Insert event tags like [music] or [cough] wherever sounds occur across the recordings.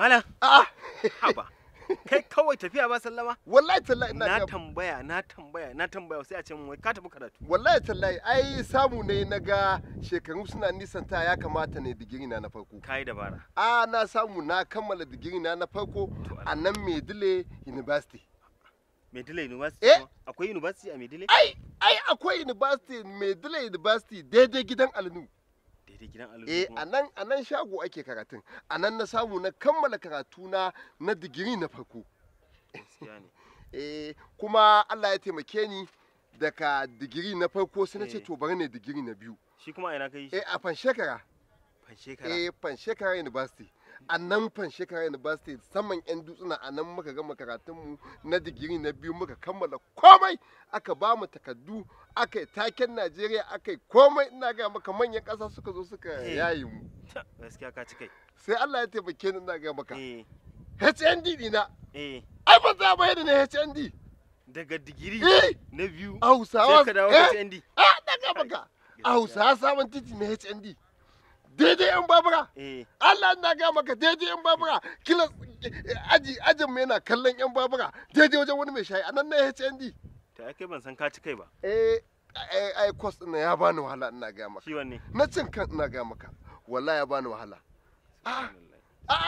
Mala? Ah! Haba. Kai kawai tafiya ba sallama? Wallahi tallahi ina Na tambaya, na tambaya, na tambaya sai a ce mun ka tafi karatu. Wallahi tallahi ai samu ne na ga shekaru suna nisanta ya kamata ne digiri na na farko. Kai dabara. Ah, na samu na kammala digiri na na farko a nan Medile University. Medile University? Eh? Akwai University a Medile? Ai, ai akwai University Medile University daidai gidan Alnu. eh a nan shago ake karatun a nan na samu na kammala karatu na na digiri na farko [laughs] eh kuma Allah ya taimake ni daga digiri na farko sai na ce eh. to bari ne digiri na biyu shi kuma a ina kai eh a fanshekara fanshekara eh fanshekara university a nan fan shekara university saman yan dutsuna a nan muka gama karatunmu na digiri na biyu muka kammala komai aka ba mu takardu aka yi taken najeriya aka yi komai ina ga maka manyan ƙasa suka zo suka eh. yayi mu sai allah ya taimake ni ina ga maka hnd eh. dina eh. ai ba za ba yadda na hnd daga digiri na biyu a hausawa hnd a daga maka a hausawa sabon titi na hnd daidai yan babura Allah na ga maka daidai yan babura kila aji ajin na kallon yan babura daidai wajen wani mai shayi anan na HND ta kai ban san ka ci kai ba eh ai kwas na ya bani wahala ina ga maka shi wanne na cin kan ina ga maka wallahi ya bani wahala a'a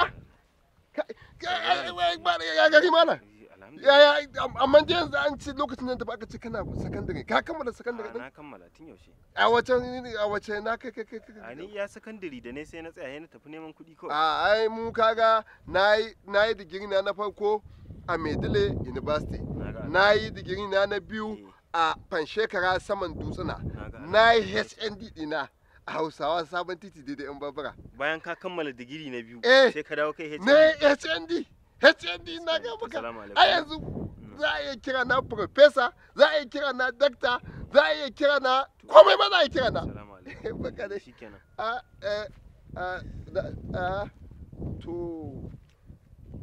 a'a ya amma je yanzu an ce lokacin da ba aka ce kana sakandare ka kammala sakandare din na kammala tun yaushe a wace a wace na kai kai kai a ni ya sakandare da ne sai na tsaya na tafi neman kuɗi ko a ai mu kaga nayi nayi digiri na na farko a Medile University nayi digiri na na biyu eh. a Panshekara saman dutsuna nayi HND dina a hausawa sabon titi daidai yan babura bayan ka kammala digiri na biyu eh. sai ka dawo kai HND ne HND HND na ga maka a yanzu mm. za a iya kira na professor za a iya kira na doctor za a iya kira na komai ba za a iya kira na [laughs] baka da shikenan a e, a a to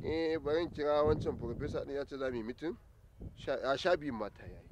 eh bari kira wancan professor din ya ce za mu yi meeting a sha biyun mata yayi